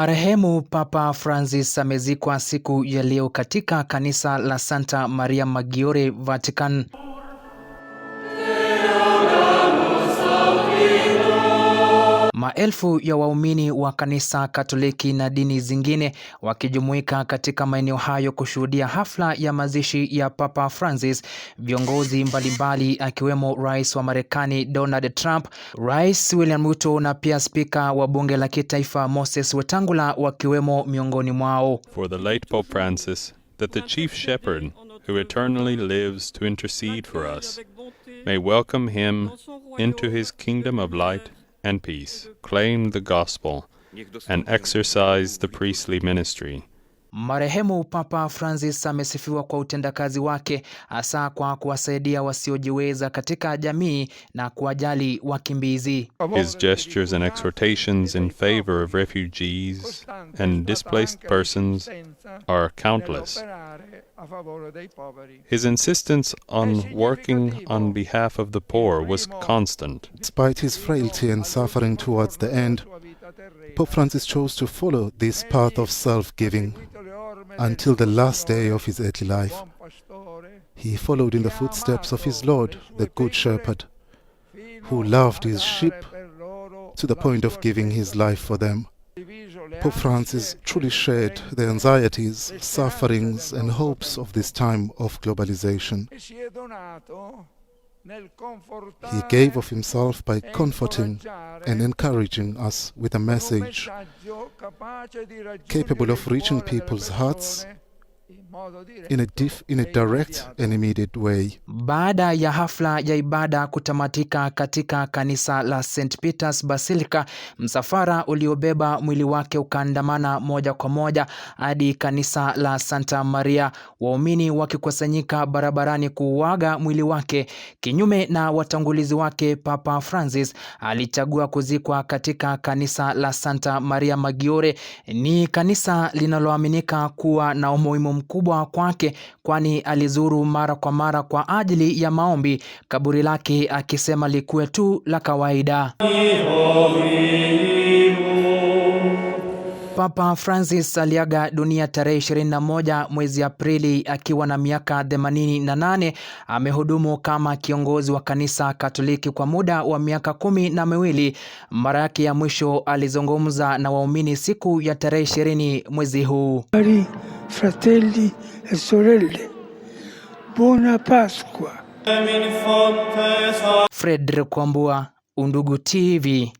Marehemu Papa Francis amezikwa siku ya leo katika kanisa la Santa Maria Maggiore, Vatican. Maelfu ya waumini wa kanisa Katoliki na dini zingine wakijumuika katika maeneo hayo kushuhudia hafla ya mazishi ya Papa Francis. Viongozi mbalimbali akiwemo Rais wa Marekani Donald Trump, Rais William Ruto na pia Spika wa Bunge la Kitaifa Moses Wetangula wakiwemo miongoni mwao. For the late Pope Francis, that the chief shepherd who eternally lives to intercede for us may welcome him into his kingdom of light and peace, claimed the gospel, and exercised the priestly ministry. Marehemu Papa Francis amesifiwa kwa utendakazi wake hasa kwa kuwasaidia wasiojiweza katika jamii na kuwajali wakimbizi. His gestures and exhortations in favor of refugees and displaced persons are countless. His insistence on working on behalf of the poor was constant. Despite his frailty and suffering towards the end, Pope Francis chose to follow this path of self giving until the last day of his earthly life. He followed in the footsteps of his Lord, the Good Shepherd, who loved his sheep to the point of giving his life for them. Pope Francis truly shared the anxieties, sufferings, and hopes of this time of globalization. He gave of himself by comforting and encouraging us with a message capable of reaching people's hearts in a, diff, in a direct and immediate way. Baada ya hafla ya ibada kutamatika katika kanisa la St Peter's Basilica, msafara uliobeba mwili wake ukaandamana moja kwa moja hadi kanisa la Santa Maria, waumini wakikusanyika barabarani kuuaga mwili wake. Kinyume na watangulizi wake, Papa Francis alichagua kuzikwa katika kanisa la Santa Maria Maggiore. Ni kanisa linaloaminika kuwa na umuhimu mkuu kubwa kwake, kwani alizuru mara kwa mara kwa ajili ya maombi kaburi lake, akisema likuwe tu la kawaida. Papa Francis aliaga dunia tarehe 21 mwezi Aprili akiwa na miaka 88. Amehudumu kama kiongozi wa kanisa Katoliki kwa muda wa miaka kumi na miwili. Mara yake ya mwisho alizungumza na waumini siku ya tarehe 20 mwezi huu. Fratelli e sorelle, buona Pasqua. fred Kwambua, Undugu TV.